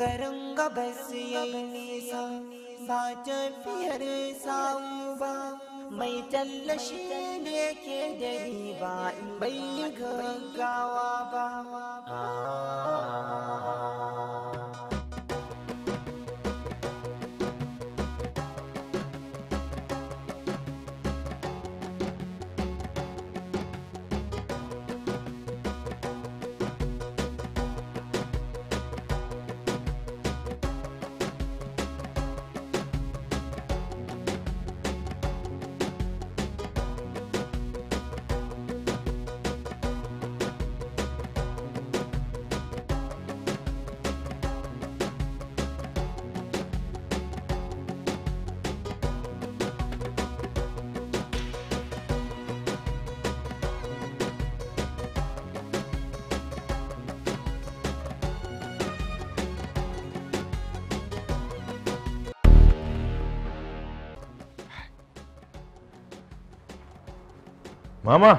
garin gabas ya yi nisa ba tafiyar sawu ba mai talla shi ne ke da riba in bai gaggawa ba mama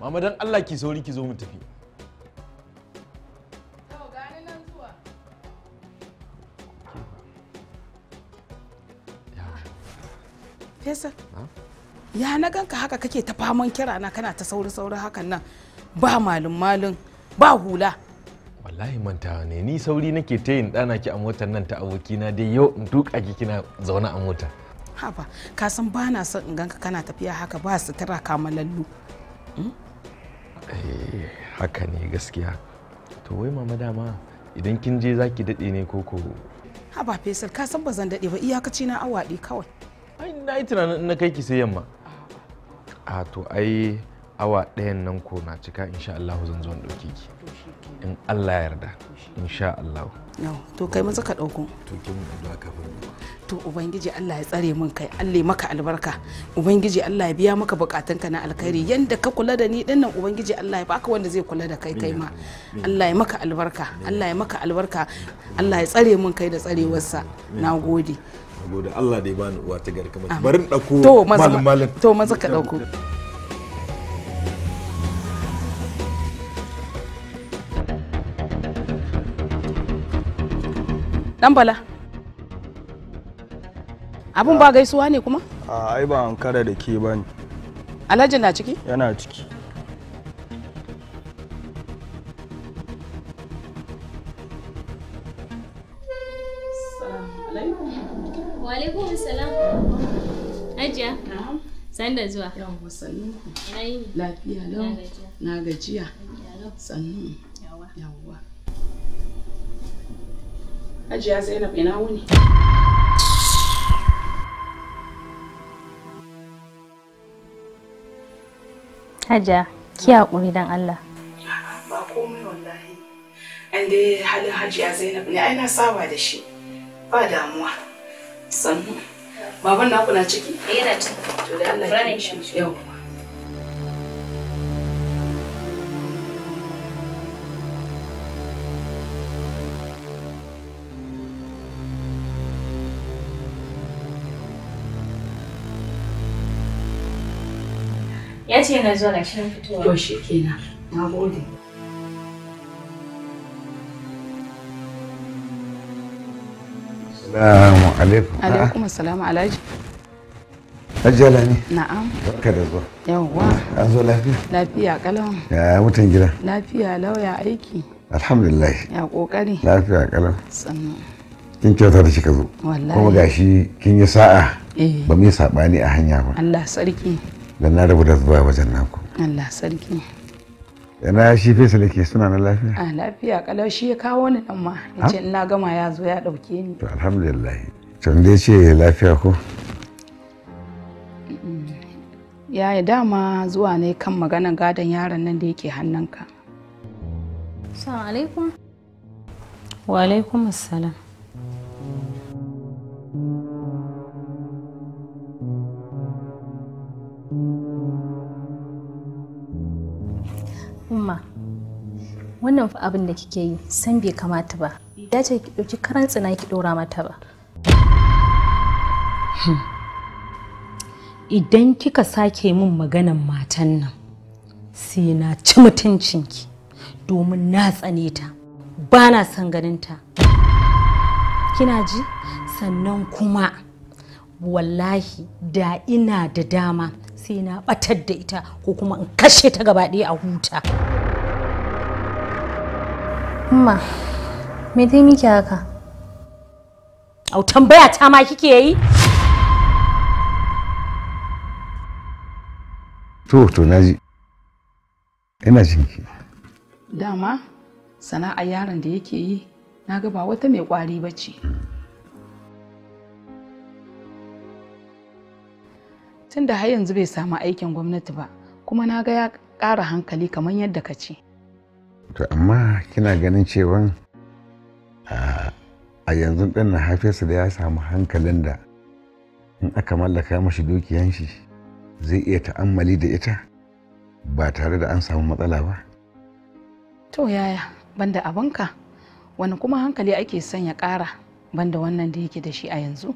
mama don allah ki sauri ki zo mu tafi ya na ganka haka kake ta faman kira na kana ta sauri sauri hakan nan ba malum malum ba hula. Wallahi manta ne ni sauri nake ta yin ɗana ki a motar nan ta abokina dai yau in duka kina zauna a mota. ba ka san ba na son in ganka kana tafiya haka ba sutura kama hmm? eh haka ne gaskiya to wai mama dama idan kin je zaki dade ne koko ba fesal ka san ba zan dade ba iyakaci na awa kawai ai na yi tunanin na kai ki sai yamma a to ai awa ɗayan nan ko na cika insha Allah zan zo ɗauke ki in Allah yarda insha Allah to kai maza ka ɗauko to kin addu'a kafin to ubangiji Allah ya tsare min kai Allah ya maka albarka ubangiji Allah ya biya maka ka na alkhairi yanda ka kula da ni nan ubangiji Allah ya baka wanda zai kula da kai kai ma Allah ya maka albarka Allah ya maka albarka Allah ya tsare min kai da tsarewarsa nagode nagode Allah da ya bani uwa ta garka bari Barin ɗauko malin malin to maza ka ɗauko Dan bala. Abun ba gaisuwa ne kuma? A ai ba an ankara da ke ba ne. Alhaji na ciki? Yana ciki. Sanda salam. Hajiya. San da zuwa. Yawwa sannu. Lafiya lau. Na gajiya. Sannu. Yawwa. Hajiya Zainab ina wuni? Hajiya, ki haƙuri don Allah. Ba komai wallahi. An dai halin Hajiya Zainab ne ai na saba da shi. Ba damuwa. Sannu. Baban na ciki? Eh, yana ciki. To da Allah. Yau. Ya ce na zo na shirin fitowa. To shi kenan. Na gode. Salamu alaikum. Alaikum salamu alhaji. Hajjala ne? Na'am. Barka da zuwa. Yawwa. An zo lafiya? Lafiya kalau. Ya mutan gida? Lafiya lauya aiki. Alhamdulillah. Ya kokari. Lafiya kalau. Sannu. Kin kyauta da kika zo. Wallahi. Kuma gashi kin yi sa'a. Eh. Ba mu yi sabani a hanya ba. Allah sarki. da na rabu da zuwa wajen naku Allah sarki yana shi fesa ke suna na lafiya a lafiya kalau shi ya kawo ni dan ma yace ina gama ya zo ya dauke ni to alhamdulillah can dai ce lafiya ko yi dama zuwa ne kan magana gadon yaron nan da yake hannunka assalamu alaikum wa alaikum assalam umma wannan fa abin da kike yi san bai kamata ba ya ce ki ɗauki karan tsina ki ɗora mata ba hmm. idan kika sake min maganan matan nan sai na ci mutuncin ki domin na tsane ta ba na son ta kina ji sannan kuma wallahi da ina da dama sai na ɓatar da ita ko kuma in kashe ta gaba ɗaya a huta. Amma, me dai miki haka? Au tambaya ta ma kike yi? To, to naji. Ina jinki. Dama sana'a yaron da yake yi na ga ba wata mai kwari ba ce. Tunda har yanzu bai samu aikin gwamnati ba, kuma na ga ya ƙara hankali kamar yadda ka ce. to amma kina ganin cewa a yanzu ɗin na hafiyarsa da ya samu hankalin da in aka mallaka mashi dukiyan shi zai iya ta'ammali da ita ba tare da an samu matsala ba to yaya banda abinka wani kuma hankali ake son ya ƙara banda wannan da yake da shi a yanzu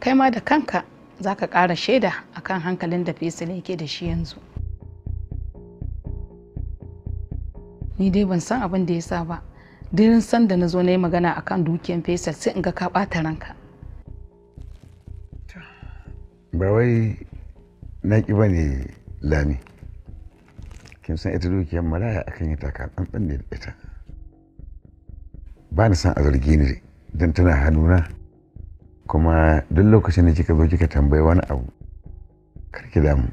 kai ma da kanka za ka ƙara shaida akan hankalin da fesil yake da shi yanzu ni dai ban san abin da ya sa ba dirin san da na zo na yi magana a kan dukiyan fesal sai in ga ka ɓata ranka ba wai na ƙi ba ne lami kin san ita dukiyar maraya akan yi taka tsantsan ne da ita ba ni san a zargi ni don tana hannuna kuma duk lokacin da kika zo kika tambayi wani abu karki damu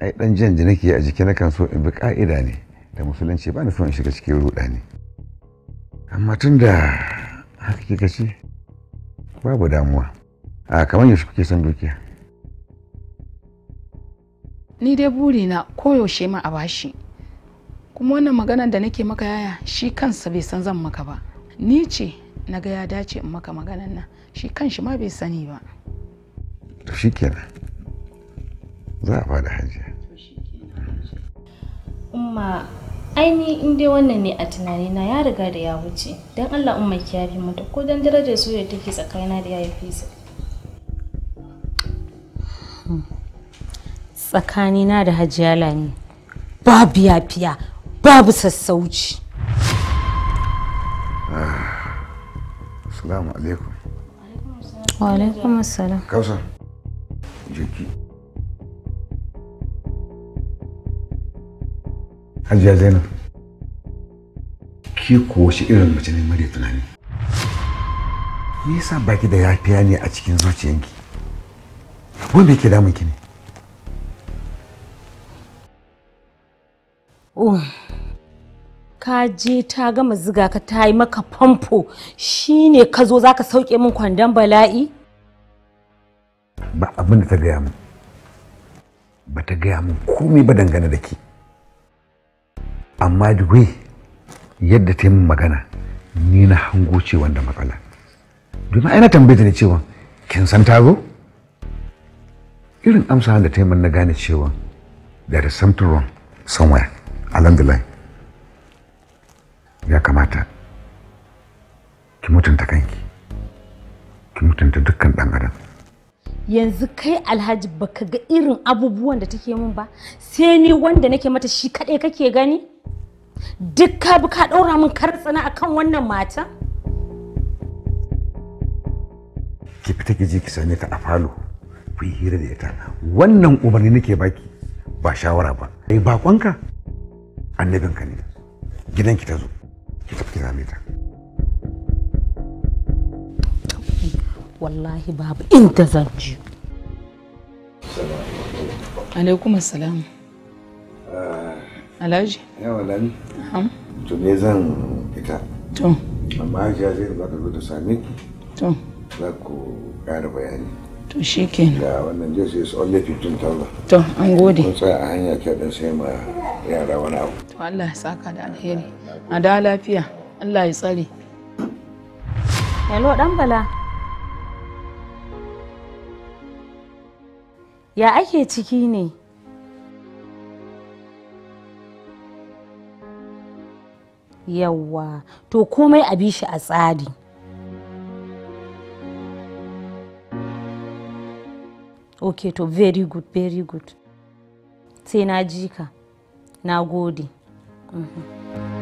ai dan jan jinaki a jiki na kan so in bi ka'ida ne da musulunci ba ni shiga cikin ruɗani amma tun da haka kika ce babu damuwa a kamar yaushe kuke son dukiya ni dai buri na koyaushe ma a bashi kuma wannan maganar da nake maka yaya shi kansa bai san zan maka ba ni ce na ga ya dace in maka maganar nan shi kanshi ma bai sani ba to kenan za a fada hajiya umma aini in dai wannan ne a tunanina ya riga da ya wuce don allah umar ki yafe mata ko don darajar soyayya take tsakanina da ya fesa. tsakani tsakanina da hajiya lami babu yafiya babu sassauci ah, assalamu alaikum wa alaikum assalam kausa jiki Hajiya Zainab. Ki ko shi irin mace ne mare tunani. Me yasa baki da yafiya ne a cikin zuciyanki? Wai me ke damun ki ne? Oh. Ka je ta gama ziga ka ta yi maka famfo shine ka zo zaka sauke min kwandon bala'i? Ba abin da ta gaya min. Ba ta gaya min komai ba dangane da ke. amma da wai yadda ta yi magana ni na hango ce wanda matsala domin ai na tambaye ta ne cewa kin san ta irin amsa da ta yi na gane cewa there is something wrong somewhere along ya kamata ki mutunta kanki ki mutunta dukkan dan adam yanzu kai alhaji baka ga irin abubuwan da take min ba sai ni wanda nake mata shi kaɗai kake gani duk ka bi ka ɗora min kartsana akan wannan mata ki fita ki je ki same ta a falo ku yi hira da ita wannan umarni nake baki ba shawara ba ai eh, bakonka annabinka ne gidanki ta zo ki tafi ki same ta wallahi babu inda zan ji. alaikum assalam ah. alhaji yawa lami to ne zan fita to amma hajiya zai ba ka zo da same to za ku ƙara bayani to shi kenan da wannan jesu is only 15,000 to an gode kun tsaya a hanya ta dan sai ma yara wani abu to Allah ya saka da alheri a da lafiya Allah ya tsare hello dan bala ya ake ciki ne Yawa. to komai a bi shi a tsari ok to very good very good sai na ji ka na gode mm -hmm.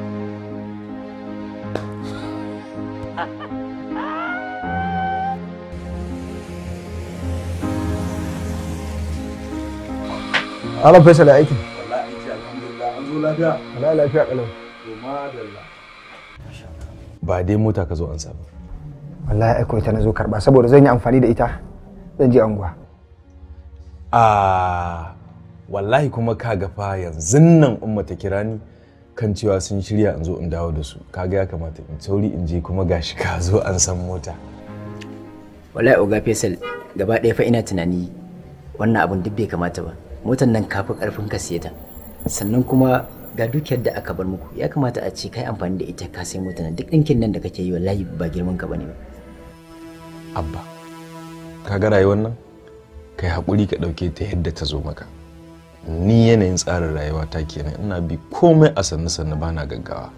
Alan Faisal ya aiki. Wallahi alhamdulillah an zo lafiya. Wallahi lafiya kalau. To madalla. Ba dai mota ka zo an saba. Wallahi aiko ita na zo karba saboda zan yi amfani da ita zan je anguwa. Ah wallahi kuma ka ga fa yanzu nan umma ta kira ni kan cewa sun shirya in zo in dawo da su kaga ya kamata in sauri in je kuma gashi ka zo an san mota. Wallahi Oga Fesal, gaba ɗaya fa ina tunani wannan abun duk bai kamata ba. motan nan kafi karfin ka siye ta sannan kuma ga dukiyar da aka bar muku ya kamata a ce kai amfani da ita ka sai motar nan duk ɗinkin nan da kake yi wallahi ba girman ka bane ba abba ka ga rayuwar nan kai hakuri ka dauke ta yadda ta zo maka ni yanayin tsarin rayuwa ta kenan ina bi komai a sannu sannu bana gaggawa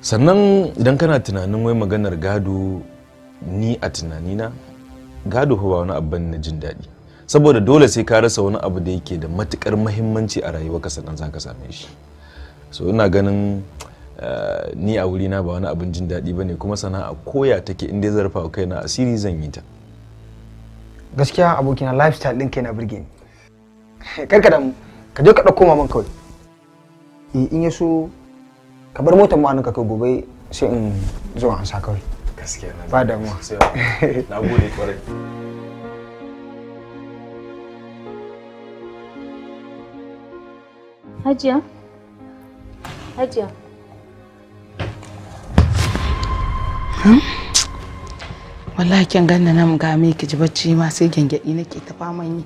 sannan idan kana tunanin wai maganar gado ni a tunanina gado fa ba wani abban na jin daɗi saboda dole sai ka rasa wani abu da yake da matukar muhimmanci a rayuwarka sannan za ka same shi so ina ganin eh, ni a wurina ba wani abin jin daɗi ba ne kuma sana'a koya take inda ya zarfa kai na asiri zan yi ta gaskiya abokina lifestyle ɗin kai na birge ni da mu ka je ka ɗauko maman kawai eh, in ya so ka bar motar ma ka kai gobe sai in zo an sa kawai gaskiya na ba damuwa na gode kwarai Hajiya? Hajiya? Hmm? Wallahi kin ganna nan ga me ki ji bacci ma sai gengedi nake ta faman yi.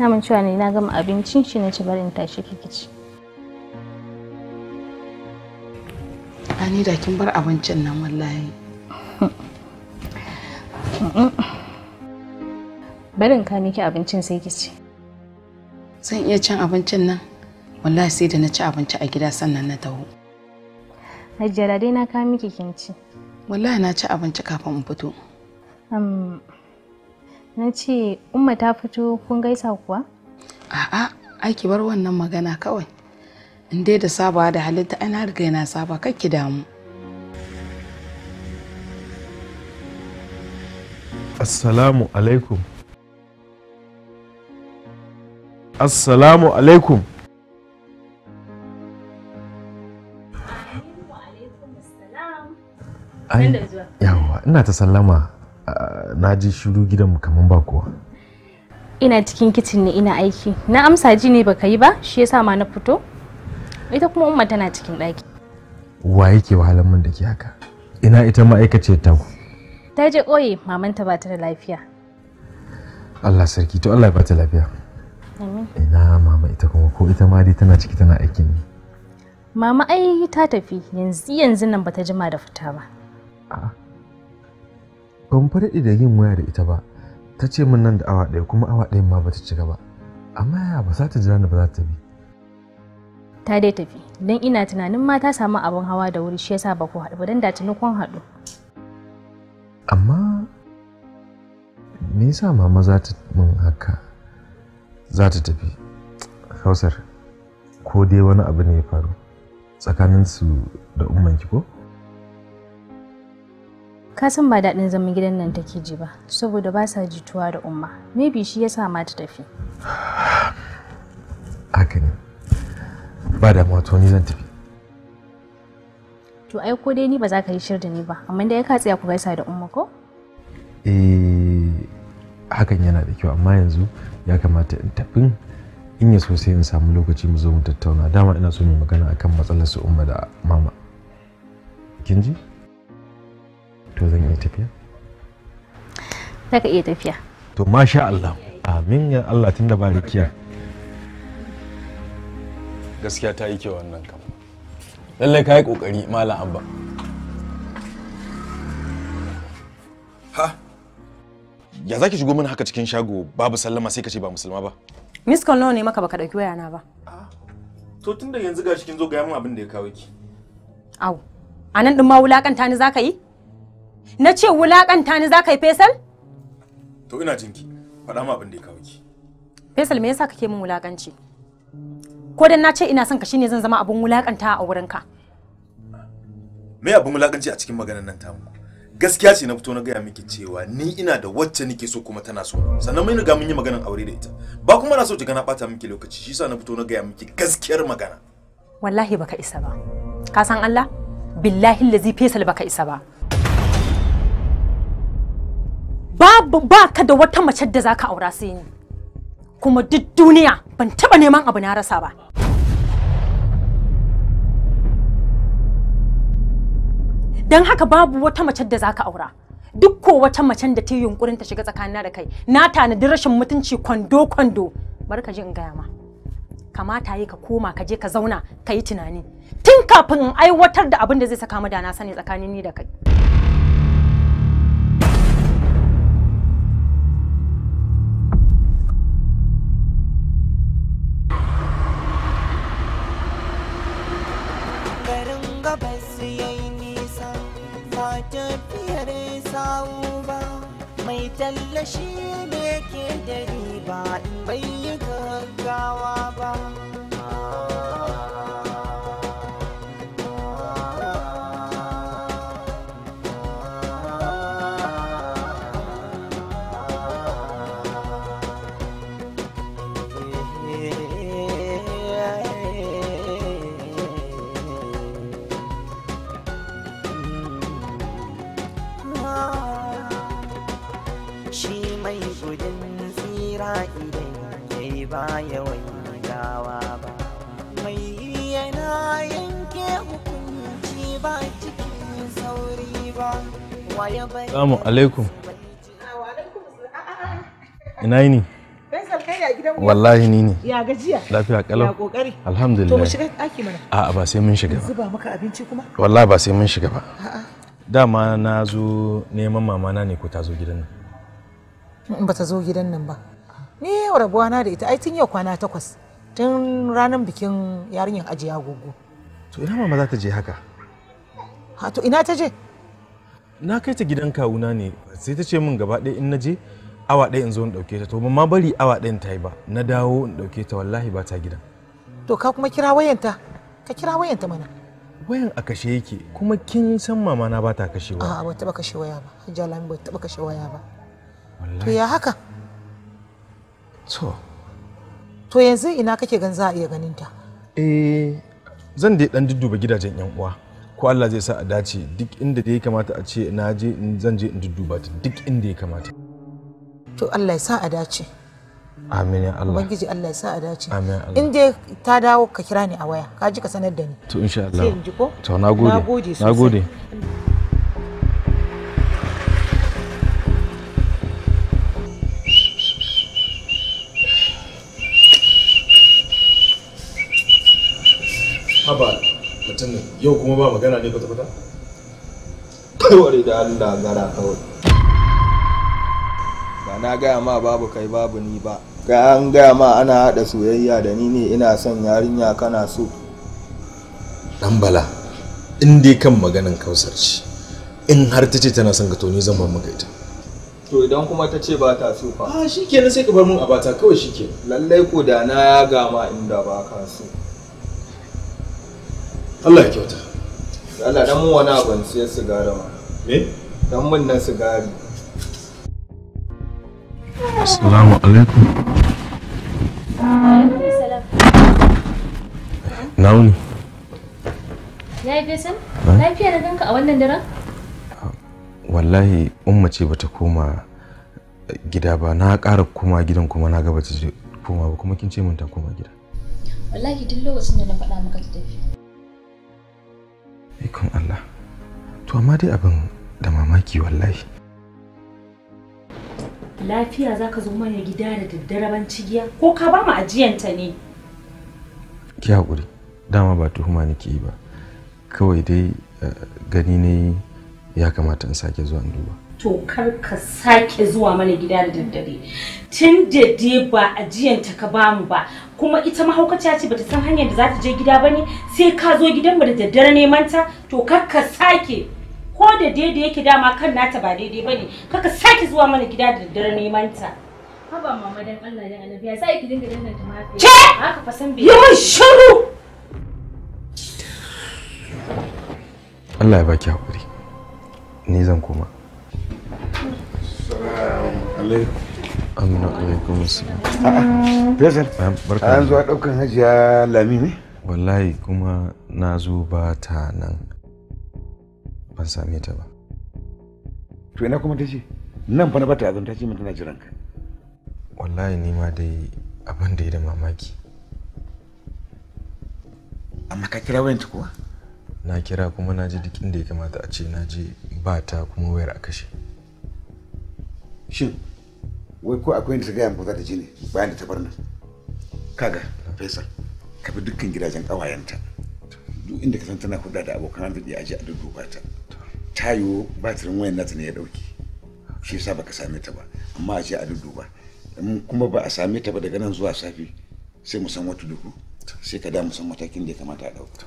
Na mun cewa ne na gama abincin shi na ci barin tashi kiki ci. Ani da kin bar abincin nan wallahi. Barin ka miki abincin sai ki ci. Zan iya cin abincin nan. wallahi sai da na ci abinci a gida sannan na taho hajjara dai na kawo miki ci. wallahi na ci abinci kafin in fito na ce umma ta fito kun gaisa kuwa a'a aiki bar wannan magana kawai in dai da saba da halitta ana riga na saba ki damu assalamu alaikum assalamu alaikum ai yawa ina ta sallama na ji shiru gidan kaman ba kowa ina cikin kicin ne ina aiki na amsa ji ne baka yi ba shi yasa ma na fito ita kuma umma tana cikin ɗaki wa yake wahalar min da ke haka ina ita ma'aikaciyar ta ku? ta je ƙoye mamanta ba ta da lafiya Allah sarki to Allah ya bata lafiya ina mama ita kuma ko ita ma dai tana ciki tana aikin ne mama ai ta tafi yanzu yanzu nan bata jima da fita ba ban fa da yin waya da ita ba ta ce min nan da awa ɗaya kuma awa ɗayan ma ba ta cika ba amma yaya ba za ta jira ni ba za ta bi ta dai tafi don ina tunanin ma ta samu abin hawa da wuri shi yasa ba ku haɗu ba don da tuni kun haɗu amma me yasa mama za ta min haka za ta tafi hausar ko dai wani abu ne ya faru tsakanin su da ummanki ko? ka san ba daɗin zaman gidan nan take ji ba saboda ba sa jituwa da umma maybe shi sa ma ta tafi haka ne ba da to ni zan tafi to ai ko dai ni ba za ka yi shir ni ba amma dai ka tsaya ku gaisa da umma ko eh hakan yana da kyau amma yanzu ya kamata in tafi in ya sosai sai in samu lokaci mu zo mu tattauna dama ina so mu magana akan matsalar su umma da mama kin ji to zan iya tafiya za ka iya tafiya to masha Allah amin ya Allah tun da barikiya gaskiya ta yi kyau wannan kam lallai ka yi kokari malam abba ha ya zaki shigo min haka cikin shago babu sallama sai ka ce ba musulma ba miss call ne maka baka dauki wayana ba to tunda yanzu gashi kin zo ga min abin da ya kawo ki au anan din ma wulakanta ni zaka yi Na ce wulakanta ni za ka yi fesal. To ina jinki, faɗa ma abin da ya kawo ki. fesal me yasa kake min wulakanci? Ko dan na ce ina son ka shine zan zama abun wulakanta a wurin ka. Me abun wulakanci a cikin maganar nan tamu? Gaskiya ce na fito na gaya miki cewa ni ina da wacce nake so kuma tana so. Sannan mun riga mun yi maganar aure da ita. Ba kuma na so ta gana bata miki lokaci, shi yasa na fito na gaya miki gaskiyar magana. Wallahi baka isa ba. Ka san Allah? Billahi lazi fesal baka isa ba. babu ba ka da wata mace da za ka aura sai ni kuma duk duniya ban taba neman abu na rasa ba don haka babu wata mace da zaka aura duk ko wata macen da ta yi yunkurin ta shiga tsakanina da kai na tanadi rashin mutunci kwando kwando bar ka ji in gaya ma kamata yi ka koma ka je ka zauna ka yi tunani tun kafin in aiwatar da abin da zai saka mu da na sani tsakanin ni da kai gabas yayi nisa ba tafiyar sawu ba mai tallashi da ke da in bai yi gaggawa ba Assalamu alaikum. Ina yini? Wallahi ni ne. Ya gajiya? Lafiya kalau. Ya kokari. Alhamdulillah. To mu shiga ɗaki mana. A'a ba sai mun shiga ba. Zuba maka abinci kuma? Wallahi ba sai mun shiga ba. A'a. Dama na zo neman mama na ne ko ta zo gidan nan? In ba ta zo gidan nan ba. Ni rabuwa na da ita ai tun yau kwana takwas. Tun ranar bikin yarinyar ajiya gogo. To ina mama za ta je haka? Ha to ina ta je? na kai ta gidan kawuna ne sai ta ce min gaba ɗaya in na je awa ɗaya in zo in ɗauke ta to ban ma bari awa in ta yi ba na dawo in ɗauke ta wallahi ba ta gidan to ka kuma kira wayanta ka kira wayanta mana wayan a kashe yake kuma kin san mama na ba ta kashe waya a'a ba taɓa kashe waya ba Hajji Alhamis ba taɓa kashe waya ba to ya haka to to yanzu ina kake gan za a iya ganin ta eh zan dai dan dudduba gidajen yan uwa ko Allah zai sa a dace duk inda da ya kamata a ce na je zan je in dudduba ta duk inda ya kamata to Allah ya sa a dace amin ya Allah ubangiji Allah ya sa a dace amin Allah in dai ta dawo ka kira ni a waya ka ji ka sanar da ni to insha Allah sai in ji ko to nagode nagode karatun yau kuma ba magana ne kwata-kwata? kawai da allah gara kawai ba na gaya ma babu kai babu ni ba ga an gaya ma ana haɗa soyayya da ni ne ina son yarinya kana so dan bala in dai kan maganin kausar ce in har ta ce tana son ka to ni zan ban maka ita to idan kuma ta ce ba ta so fa ah shikenan sai ka bar mun a bata kawai shikenan lallai ko da na ya gama inda ba ka so Allah ya kyauta Allah dan mu wani abu sai sigara ma me dan mun na sigari Assalamu alaikum Nauni Lafiya san? Lafiya na ganka a wannan daren? Wallahi umma ce bata koma gida ba na ƙara koma gidan kuma na gaba ta koma ba kuma kin ce mun ta koma gida wallahi duk lokacin da na faɗa maka ta tafi ikon Allah to amma dai abin da mamaki wallahi lafiya za ka zo mana gida da daddare ban cigiya ko ka ba mu ajiyanta ne ki haƙuri dama ba tuhuma nake yi ba kawai dai eh, gani ne ya kamata in sake zuwa in duba to kar ka sake zuwa mana gida da daddare tun da dai ba ta ka bamu ba kuma ita mahaukaciya ce bata san hanyar da za ta je gida ba ne sai ka zo gidanmu da daddare neman ta to kar ka sake ko da daidai yake dama kan nata ba daidai ba ne kar ka sake zuwa mana gida da daddare neman ta haba mama dan Allah dan annabi ya sai ki dinga danganta mafi ce haka fa san bai yi shiru Allah ya baki hakuri ni zan koma Aminu alaikum assalam. A'a, Faisal. Barka. An zo daukan Hajiya Lami ne? Wallahi kuma na zo ba ta nan. Ban same ta ba. To ina kuma ta ce? Nan fa na bata azanta ce mun tana jiran ka. Wallahi ni ma dai abin da ya da mamaki. Amma ka kira wayanta kuwa? Na kira kuma na ji duk inda ya kamata a ce na je ba ta kuma wayar a kashe. shin wai ko akwai da ta gaya za ta ji ne bayan da ta bar nan kaga faisal ka bi dukkan gidajen ƙawayenta duk inda ka san tana kuɗa da abokan arziki a ji a dudduba ta tayo batirin wayan nata ne ya dauke shi yasa baka same ta ba amma a ji a dudduba in kuma ba a same ta ba daga nan zuwa safi sai mu san wata duku sai ka da mu san matakin da ya kamata a dauka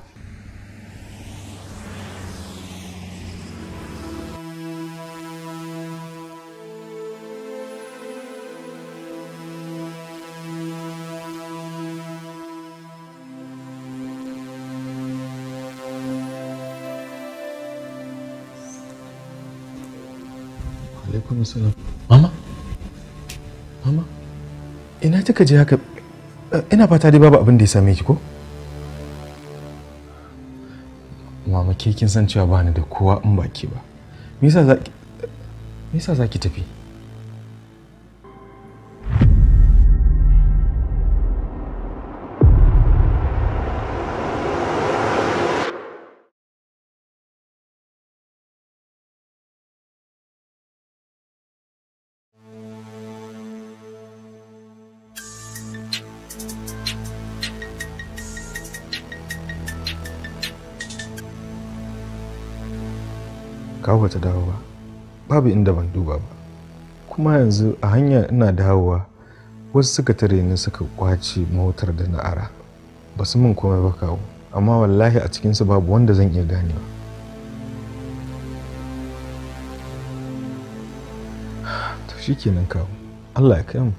alaikum mama mama ina kika je haka eh, ina fata dai babu abin da ya same ki ko mama ke kin san cewa ba ni da kowa in baki ba me yasa za ki tafi babu inda ban duba ba kuma yanzu a hanya ina dawowa wasu suka tare ni suka kwace motar da na ara ba su min komai ba kawo amma wallahi a cikinsu babu wanda zan iya ganewa to shikenan kawo allah ya kai mu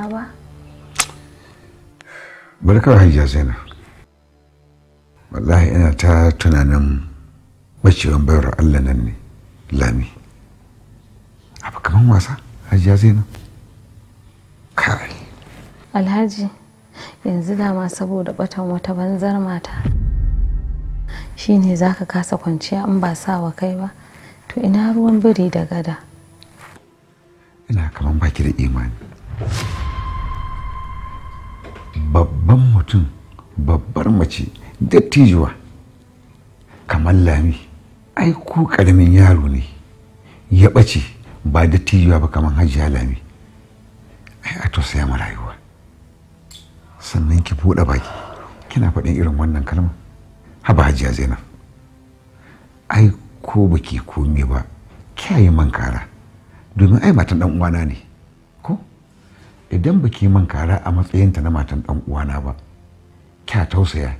amsa ba barkar hajiya zainab wallahi ina ta tunanin bacewan bayar allah nan ne lami abu kaman wasa hajiya zaina kai alhaji yanzu dama saboda batan wata banzar mata za ka kasa kwanciya in ba sa wa kai ba to ina ruwan biri da gada ina kaman baki da imani mutum babbar mace dattijuwa kamar lami ai ko karamin yaro ne ya ɓace ba dattijuwa ba kamar hajiya lami ai a tausaya ma rayuwa sannan ki buɗe baki kina faɗin irin wannan kalma haba hajiya zainab ai ko baki komi ba kyayi man kara domin ai matan dan uwana ne ko idan baki man kara a matsayinta na matan dan uwana ba kya tausaya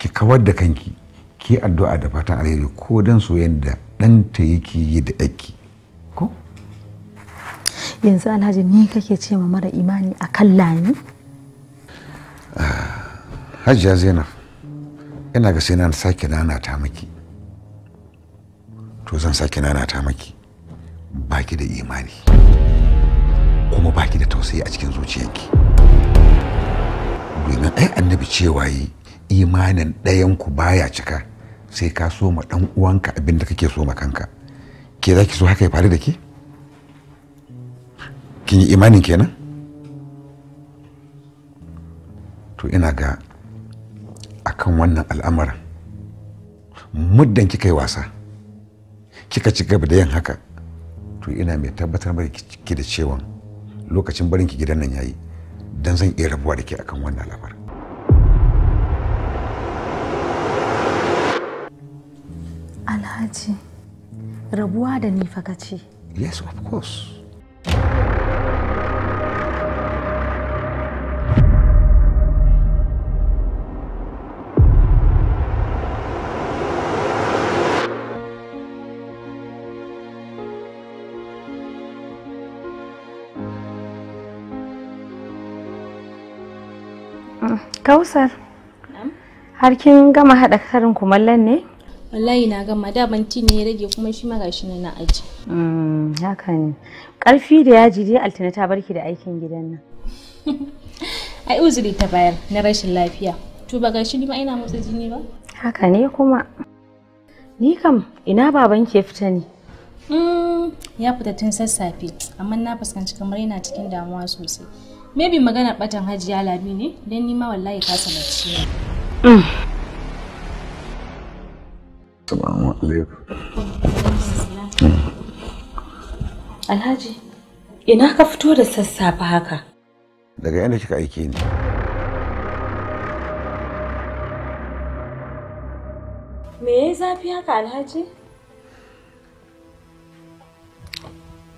ki kawar da kanki ki addu'a da fatan alheri ko dan soyayya da ɗanta yake yi da aiki. ko yanzu alhaji ni kake ce ma mara imani a kan lani ah, hajiya zainab ina ga sai na sake nana ta maki to zan sake nana ta maki baki da imani kuma baki da tausayi a cikin zuciyarki. domin ai annabi cewa yi imanin ɗayan ku baya cika sai ka so ma ɗan uwanka abin da kake so ma kanka ke za ki so haka ya faru da ke kin yi imanin kenan to ina ga akan wannan al'amara muddan kika yi wasa kika ci gaba da yin haka to ina mai tabbatar mai ki da cewa lokacin barinki gidan nan yayi don zan iya rabuwa da ke akan wannan labar. alhaji rabuwa da ni fa kace yes of course Kausar. Har kin gama haɗa karin kumallon ne? Wallahi na gama da ban banti ne ya rage kuma shi ma gashi na aji. Mm, haka ne. Ƙarfi da yaji dai Altina ta barki da aikin gidan nan. Ai uzuri ta bayar na rashin lafiya. To ba gashi ni ma ina motsa jini ba? Haka ne kuma. Ni kam ina baban ke fita ne. Mm, ya fita tun sassafe amma na fuskanci kamar yana cikin damuwa sosai. Maybe magana batan hajiya labi ne, don nima wallahi ka samarci ne. Alhaji, ina ka fito da sassafe haka? Daga yadda kika aiki ne. Me ya yi zafi haka Alhaji?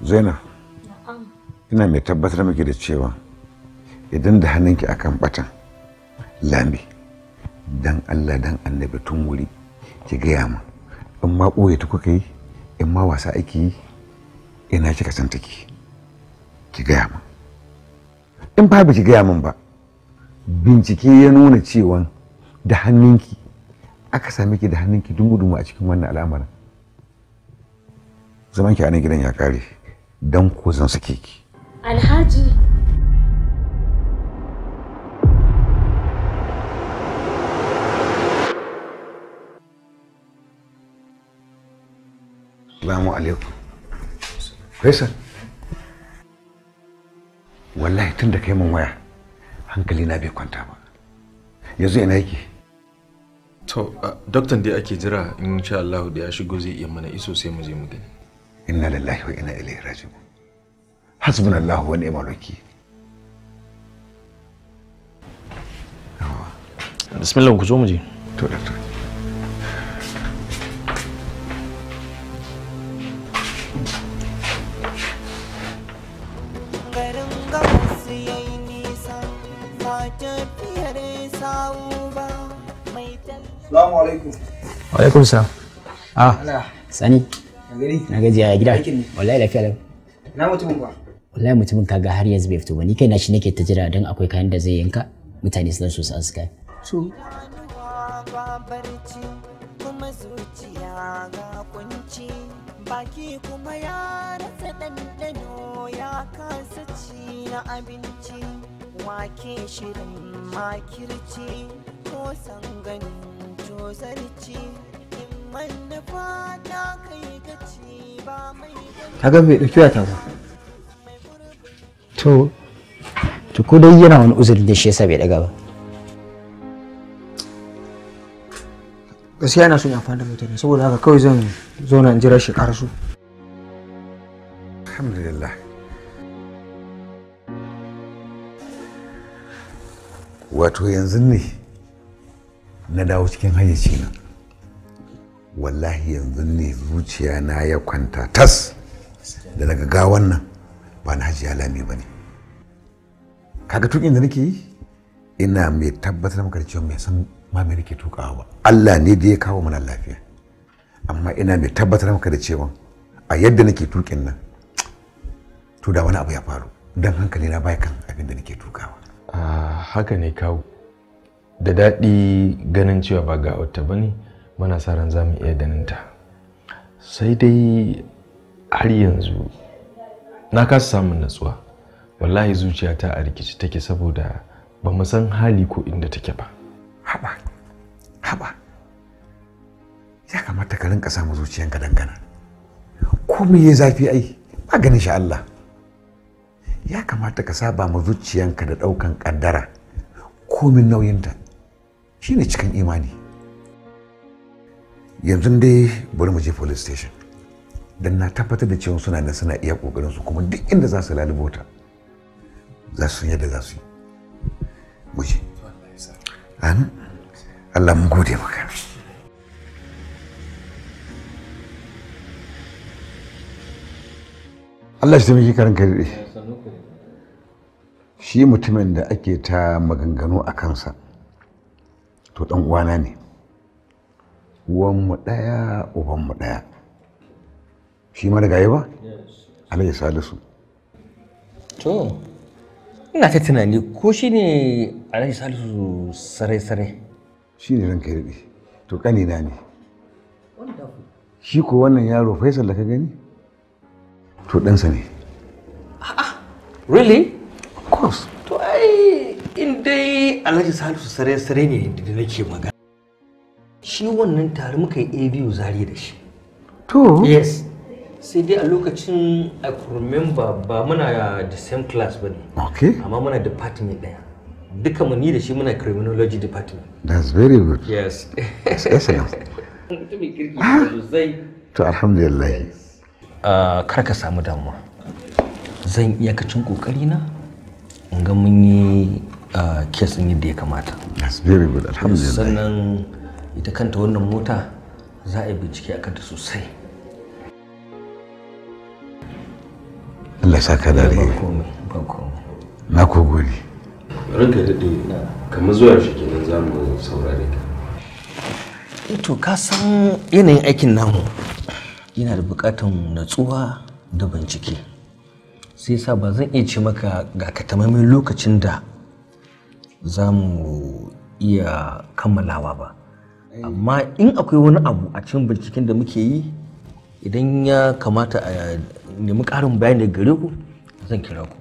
Zainab, ina mai tabbatar miki da cewa idan da hannunki akan batan lami dan Allah dan annabi tun wuri ki gaya min in ma ɓoye ta kuka yi in ma wasa ake yi ina kika san take ki gaya min in ba ki gaya min ba bincike ya nuna cewa da hannunki aka same ki da hannunki dumu-dumu a cikin wannan al'amarin zaman ki a nan gidan ya kare dan ko zan sake ki alhaji Salamu Wallahi tun da kai mun waya hankali na bai kwanta ba. Yanzu ina yake. To, doktan ake jira in sha Allah da ya shigo zai iya mana iso sai mu je mu gani. Inna lillahi wa inna ilaihi raji'un. Hasbunallahu wa ni'mal wakil. Bismillah ku zo mu je. To, doctor. Wa alaikum Ah. Sani. Na gaji ya gida. Wallahi lafiya lau. Na mutumin mutumin kaga har yanzu bai fito ba. na shi nake ta jira don akwai kayan da zai yanka mutane su su su kai. So. Baki kuma ya rasa ɗanɗano ya kasa ci na abinci wake shirin makirci ko san jo sarci kaga bai ɗauki wata ba to to ko dai yana wani uzuri da shi yasa bai daga ba gaskiya na son amfani da mutane saboda haka kawai zan zauna in jira shi karasu alhamdulillah wato yanzu ne na dawo cikin hayyaci na wallahi yanzu ne zuciya na ya kwanta tas da daga gawan nan ba na hajiya lami ba ne kaga tukin da nake yi ina mai tabbatar maka da cewa mai san ma da nake tukawa ba Allah ne da ya kawo mana lafiya amma ina mai tabbatar maka da cewa a yadda nake tukin nan to da wani abu ya faru don hankali na bai kan abin da nake tukawa ah, haka ne kawo da daɗi ganin cewa ba ga wata ba ne muna sa ran zamu iya ganin ta sai dai har yanzu na kasa samun natsuwa wallahi ta a rikici take saboda ba mu san hali ko inda take ba haba haba ya kamata ka rinka samu ka dangana ko me ya zafi ai ba ganin shi Allah ya kamata ka saba ma zuciyanka da ɗaukan ƙaddara komin nauyinta shine cikin imani yanzu dai bari mu je police station don na tabbatar da cewa suna nan suna iya kokarin su kuma duk inda za su lalubota za su yadda za su yi mu je an Allah mu gode maka Allah shi taimaki karan kai shi mutumin da ake ta maganganu a kansa to ɗan uwana ne uwanmu ɗaya ubanmu ɗaya shi ma daga yi ba alayhi salisu to ina ta tunani ko shi ne alayhi salisu sarai-sarai shi ne ranka yi to to ƙanina ne shi ko wannan yaro faisal da ka gani to ɗansa ne really of course dai alhaji salisu sare-sare ne da nake magana shi wannan tare muka yi abu zari da shi to yes sai dai a lokacin i remember ba muna the same class ba ne okay amma muna department ɗaya duka mu ni da shi muna criminology department that's very good yes that's excellent mutumin kirki ah. sosai to alhamdulillah ah, kar ka samu damuwa zan iya kacin kokari na in ga mun yi kes ɗin yadda ya kamata that's very good alhamdulillah sannan ita kanta wannan mota za a yi bincike a kanta sosai Allah sa ka dare na ko gode ranka daɗe kamar zuwa shi kenan za mu saurare ka eh to ka san yanayin aikin namu yana da buƙatar natsuwa da bincike sai sa ba zan iya ce maka ga katamaimin lokacin da za mu iya kammalawa ba amma in akwai wani abu a cikin binciken da muke yi idan ya kamata a nemi karin bayani daga gare ku zan kira ku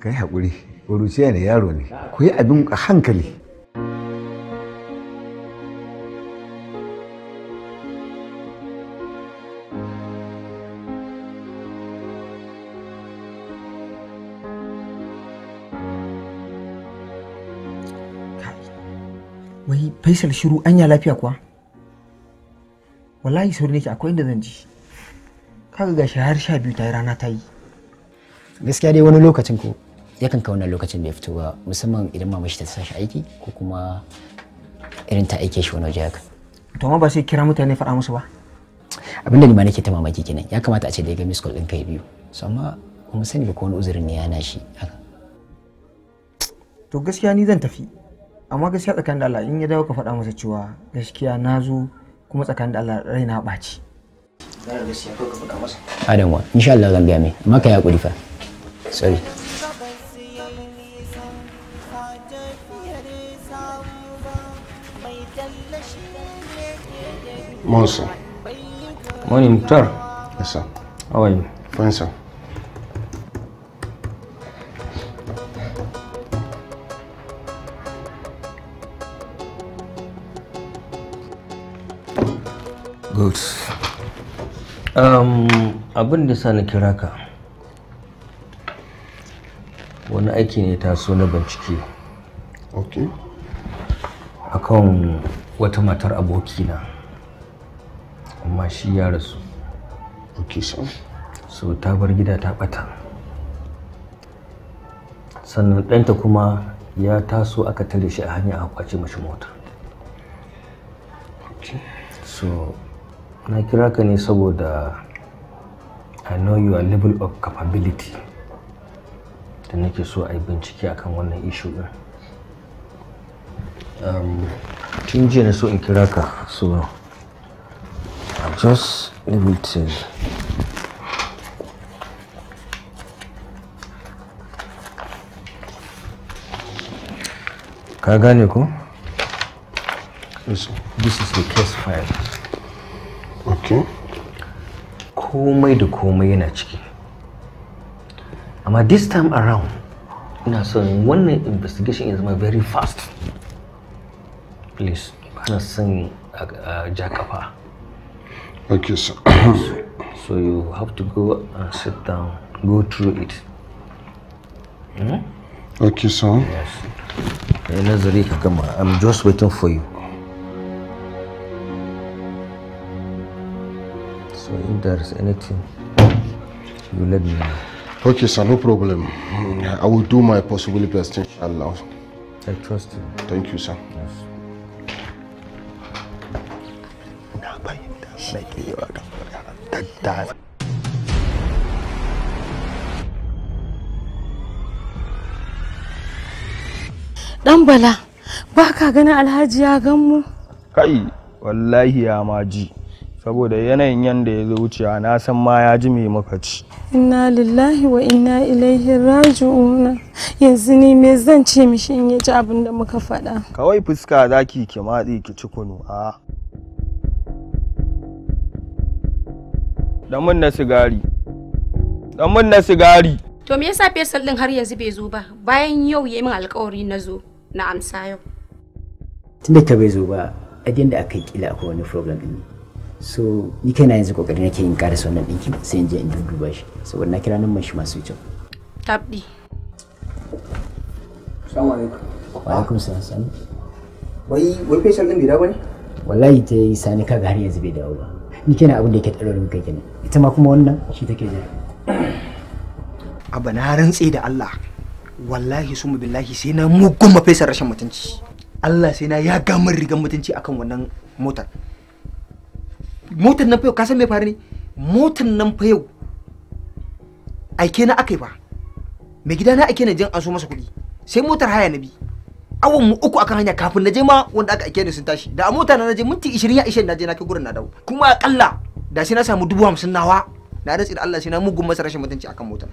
kai haƙuri ne yaro ne ku yi abin hankali faisal shiru anya lafiya kuwa wallahi sauri nake akwai inda zan ji kaga gashi har sha biyu ta rana ta yi gaskiya dai wani lokacin ko yakan ka wannan lokacin bai fito ba musamman idan mama shi ta sa shi aiki ko kuma irin ta aike shi wani waje haka to amma ba sai kira mutane faɗa musu ba abinda ni ma nake ta mamaki kenan ya kamata a ce da ga miss call din kai biyu so amma kuma sani ba ko wani uzurin ne yana shi haka to gaskiya ni zan tafi amma gaskiya tsakanin da Allah in ya dawo ka faɗa masa cewa gaskiya na zo kuma tsakanin da Allah rai na ɓaci Adamwa insha Allah zan gaya mai amma ka yaƙuri fa sorry Monson. Morning, Mukhtar. Yes, sir. How are you? Fine, sir. good um, abin da sa na kira ka wani aiki ne taso na bincike okay. akan wata matar abokina amma shi ya rasu okay, so. so ta bar gida ta bata sannan ɗanta kuma ya taso aka tare shi a hanya a kwace mashi mota okay. so na kira ka ne saboda i know your level of capability da nake so a yi bincike akan wannan issue din um, tun jiya na so in kira ka so i'm just able to ka gane ko this is the case file komai da komai yana ciki amma this time around ina son wannan investigation ya zama very fast please bana son uh, uh, ja kafa okay sir so, so you have to go and sit down go through it hmm? okay sir yes nazari ka gama i'm just waiting for you there is anything, you let me know. Okay, sir, no problem. Mm, I will do my possible best, inshallah. I trust you. Thank you, sir. Yes. Dan Bala, ba ka ganin Alhaji ya gan mu? Kai, wallahi ya maji. saboda yanayin yadda ya zo wucewa na san ma ya ji mai makaci ci inna lillahi wa inna ilaihi raji'un yanzu ne me zan ce mishi in ya ji abin da muka faɗa kawai fuska zaki ki matsi ki ci kunu a damun na sigari damun na sigari to me yasa fesal din har yanzu bai zo ba bayan yau yayi min alƙawari na zo na amsa yau tunda ta bai zo ba a da aka kila akwai wani program din so ni kaina yanzu kokari nake yin karasa wannan dinkin sai in je in duba shi saboda na kira nan shi masu kyau tabdi assalamu alaikum wa alaikum salam wai wai fesal din bai bane ne wallahi ta yi sani kaga har yanzu bai dawo ba ni kenan abin da yake tsaro kai kenan ita ma kuma wannan shi take jira a bana rantse da Allah wallahi su billahi sai na mugun mafesar rashin mutunci Allah sai na ya gamar rigar mutunci akan wannan motar motar nan fa yau ka san me faru ne motar nan fa yau aike na akai ba mai gida na aike na jin an so masa kuɗi sai motar haya na bi awon mu uku akan hanya kafin na je ma wanda aka aike ni sun tashi da a mota na je minti 20 ya ishe na je na kai gurin na dawo kuma akalla da sai na samu dubu hamsin nawa na rantsi da Allah sai na mugun masa rashin mutunci akan motar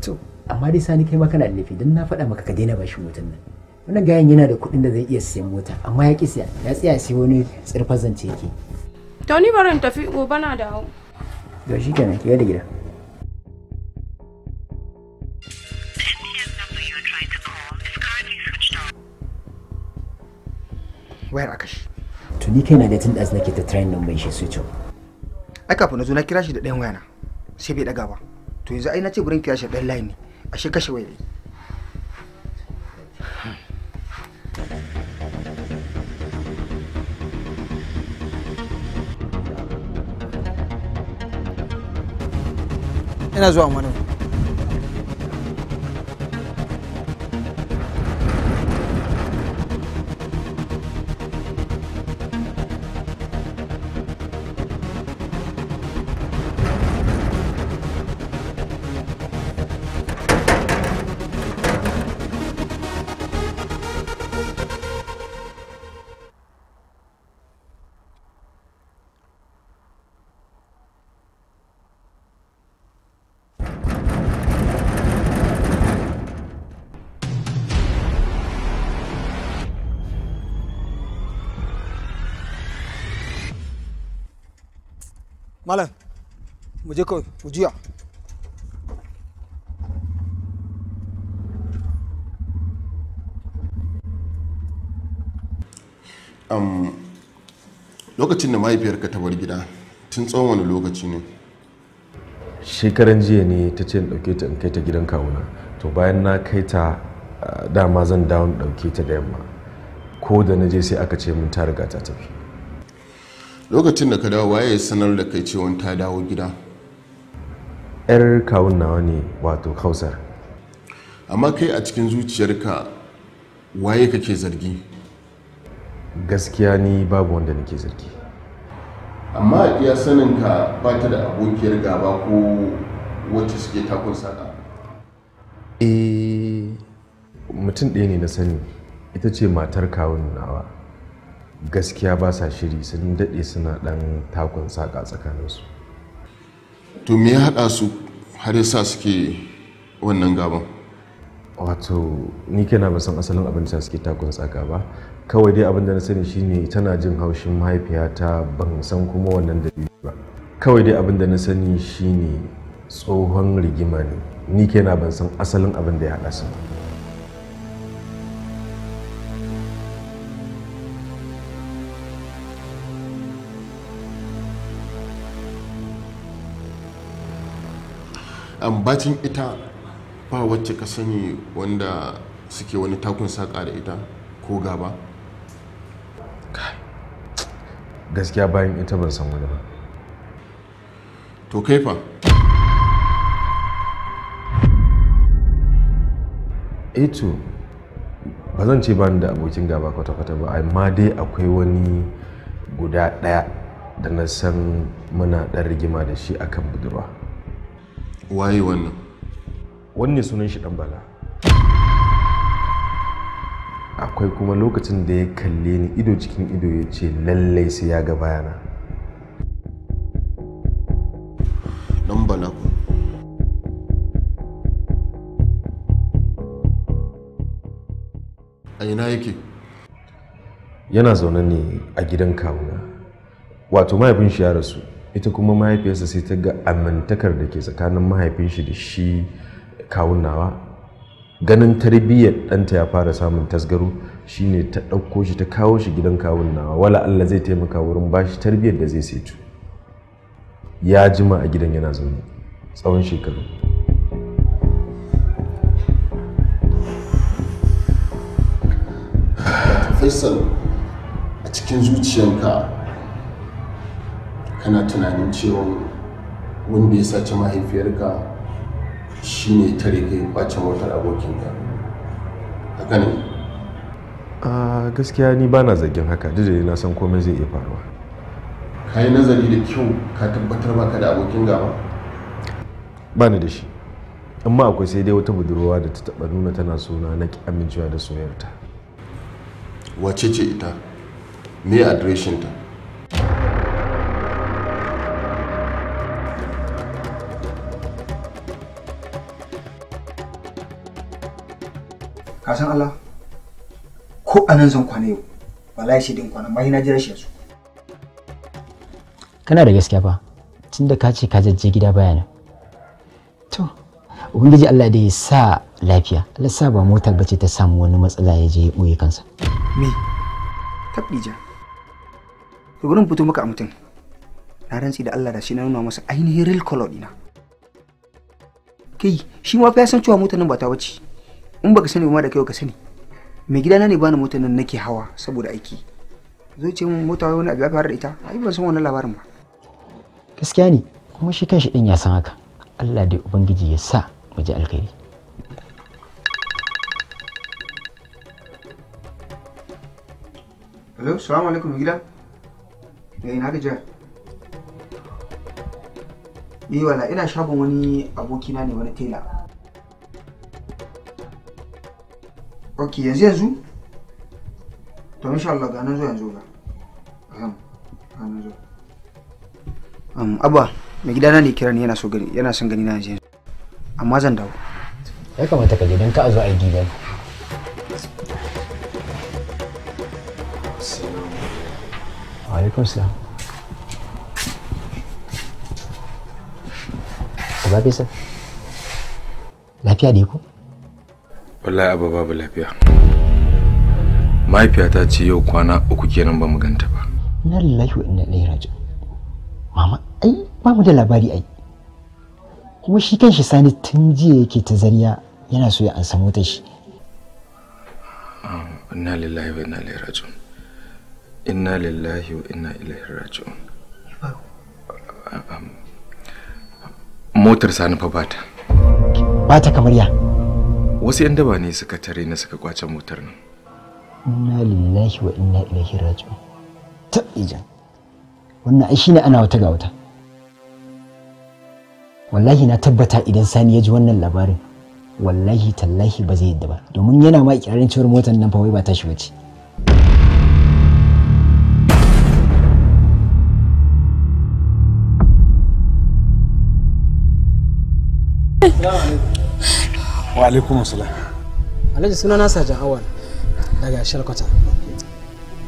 to amma dai sani kai ma kana da nufi dan na faɗa maka ka daina bashi motar nan wannan gayan yana da kuɗin da zai iya siyan mota amma ya ki siya ya tsaya sai wani tsirfazance yake Ta ni bari in tafi gobe na dawo. Ga shi kenan ke da gida. Wayar aka shi. To ni na da tun da nake ta train nan bai shi switch off. Ai kafin na zo na kira shi da ɗayan wayana sai bai daga ba. To yanzu ai na ce gurin kira shi ɗayan line ne ashe kashe wayar. ina zuwa manuwa mu kawai mu Um, lokacin da mahaifiyarka ta bar gida tun tsawon wani lokaci ne shekaran jiya ne ta ce ɗauke ta in kai ta gidan kawuna to bayan na kai ta dama zan dawo ɗauke ta da yamma ko da na je sai aka ce mun ta riga ta tafi lokacin da ka dawo waye sanar da kai cewa ta dawo gida 'yar kawun nawa ne wato kausar amma kai a cikin zuciyarka waye kake zargi gaskiya ni babu wanda nake zargi amma a iya saninka ba ta da abokiyar gaba ko wacce suke takon saka eh mutum ɗaya ne na sani ita ce matar kawun nawa gaskiya ba sa shiri sun daɗe suna ɗan takon saƙa tsakaninsu to me ya haɗa su har yasa suke wannan gaban wato ni kana ba san asalin abin da suke takun tsaka ba kawai dai abin da na sani shine tana jin haushin mahaifiyata ban san kuma wannan dalili ba kawai dai abin da na sani shine tsohon rigima ne ni kana ban san asalin abin da ya haɗa su ba ambacin ita ba wacce ka sani wanda suke wani takun saƙa da ita ko gaba gaskiya bayan ita ban san wani ba to kai fa eto eh ba zan ce ba da abokin gaba kwata-kwata ba amma dai akwai wani guda ɗaya da na san muna ɗan rigima da shi akan budurwa waye wannan wanne sunan shi dan bala akwai kuma lokacin da ya kalle ni ido cikin ido ya ce lallai sai ya ga bayana dan bala a ina yake yana zaune ne a gidan kawuna wato mahaifin shi ya rasu ita kuma mahaifiyarsa sai ta ga amintakar da ke tsakanin mahaifin shi da shi kawunawa ganin tarbiyyar ɗanta ya fara samun tasgaro shine ta ɗauko shi ta kawo shi gidan kawunawa wala Allah zai taimaka wurin ba shi tarbiyyar da zai saitu ya jima a gidan yana zama tsawon shekaru faisal a cikin zuciyanka kana tunanin cewa wanda ya sace mahaifiyarka shi ne tare ka kwace motar abokinka haka ne a gaskiya ni ba na zargin haka duk da na san komai zai iya faruwa ka yi nazari da kyau ka tabbatar ba ka da abokin gaba ba ni da shi amma akwai sai dai wata budurwa da ta taba nuna tana suna na ki amincewa da soyarta wace ce ita me adireshinta ka san Allah ko anan zan kwana yau wallahi shi din kwana mai na jira shi su kana da gaskiya fa tunda ka ce ka jajje gida bayana to ubangiji Allah da ya sa lafiya Allah sa ba mota bace ta samu wani matsala ya je ya boye kansa me tabbija to gurin fito maka a mutum na rantsi da Allah da shi na nuna masa ainihin real color dina kai shi ma fa ya san cewa motar nan ba ta bace in baka sani ba da kai ka sani mai na ne bani motar nan nake hawa saboda aiki zo ce mun mota wani abu ya faru da ita ai ban san wannan labarin ba gaskiya ne kuma shi kanshi din ya san haka Allah dai ubangiji ya sa mu ji alkhairi Hello, salamu alaikum mai gida. ina na gajiya. Ni wala ina shagon wani abokina ne wani tela. ok yanzu yanzu to insha Allah ga nan zo yanzu ga um abba mai gidana ne kira ni yana so gani yana son gani na yanzu amma zan dawo ya kamata ka je don ka a zo a gidan alaikum salam ba bisa lafiya ne ku wallahi abu babu lafiya mahaifiyata ce yau kwana uku kenan ba mu ganta ba na lillahi wa inna ilaihi raji mama ai ba mu da labari ai kuma shi kanshi sani tun jiya yake ta zariya yana so ya an samu ta shi inna lillahi wa inna ilaihi raji'un inna lillahi wa inna ilaihi raji'un motar sani fa bata bata kamar ya wasu 'yan daba ne suka tare na suka kwace motar nan inna lillahi wa inna ilaihi raji'un wannan ai shine ana wata ga wata wallahi na tabbata idan sani ya ji wannan labarin wallahi tallahi ba zai yadda ba domin yana ma ikirarin cewar motar nan fa wai ba shi bace Assalamu alaikum. wa alaikum assalam alhaji suna na sajan awal daga sharkwata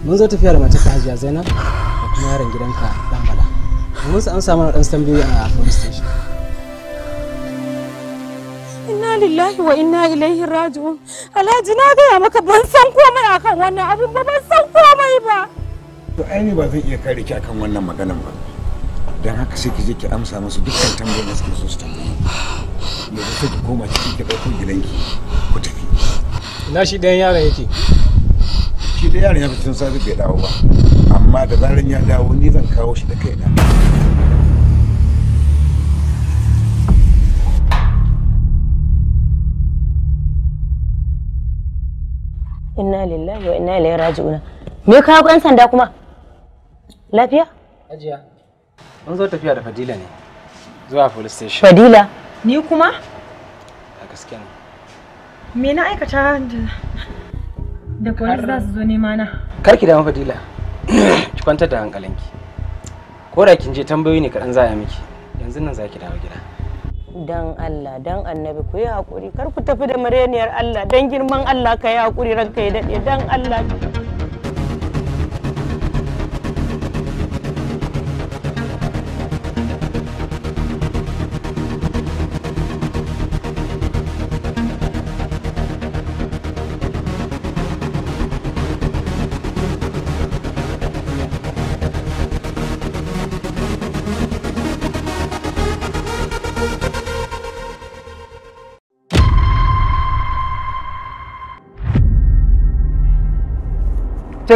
mun zo tafiya da matar ta hajiya zainab da kuma yaron gidanka dan bala mun an samu dan tambayoyi a police station inna lillahi wa inna ilaihi raji'un alhaji na gaya maka ban san komai akan wannan abin ba ban san komai ba to aini ba zan iya kare ki akan wannan maganan ba don haka sai ki je ki amsa musu dukkan tambayoyin da suke so su tambaye yanzu sai ki koma cikin ki ɗauko gidanki ku tafi ina shi ɗayan yaron yake shi ɗayan yaron ya fi tun safe bai dawo ba amma da zaran ya dawo ni zan kawo shi da kaina inna lillahi wa inna ilaihi raji'una me kawo ɗan sanda kuma lafiya ajiya Mun zo tafiya da Fadila ne. Zuwa police station. Fadila? Ni kuma? A gaskiya ne. Me na aikata da da police za su zo nema na? Kar ki damu Fadila. Ki kwantar da hankalinki. Ko da kin je tambayoyi ne kaɗan za a miki. Yanzu nan za ki dawo gida. Dan Allah, dan annabi ku yi hakuri kar ku tafi da mareniyar Allah, dan girman Allah ka yi hakuri ranka ya dade dan Allah.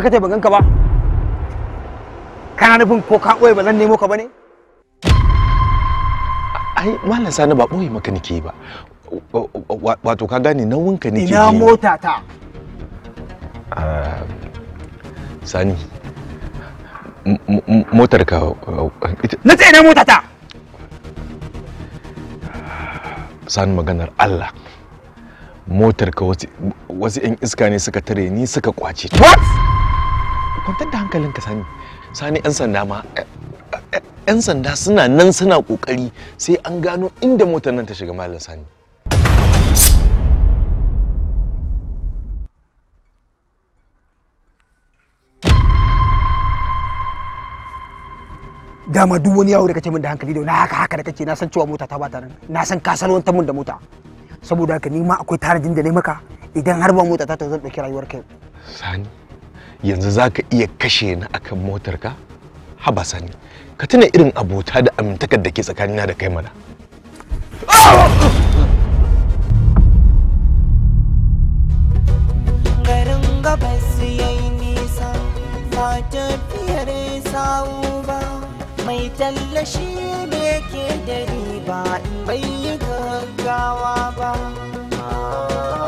kai kace ban ka ba kana nufin ko ka ɓoye ba zan nemo ka ba ne ai malam sani ba ɓoye maka nake ba wato ka gane ka nake ina mota ta ah, sani motar ka uh, na ce ina mota ta sani maganar Allah motar ka wasu 'yan iska ne suka tare ni suka kwace what kwantar da hankalinka sani sani 'yan sanda ma 'yan sanda suna nan suna kokari sai an gano inda motar nan ta shiga malam sani dama duk wani yawo da kace min da hankali da na haka haka da kace na san cewa mota ta bata nan na san ka san wanta mun da mota saboda haka ni ma akwai tarajin da ne maka idan har ba mota ta ta zan dauki rayuwar kai sani yanzu za ka iya kashe ni kan motarka haba sani ka tuna irin abota da amintakar da ke tsakanina da kai mana garin gabas yayi nisa ba tafiyar ba mai tallashi ne ke da riba in bai gaggawa ba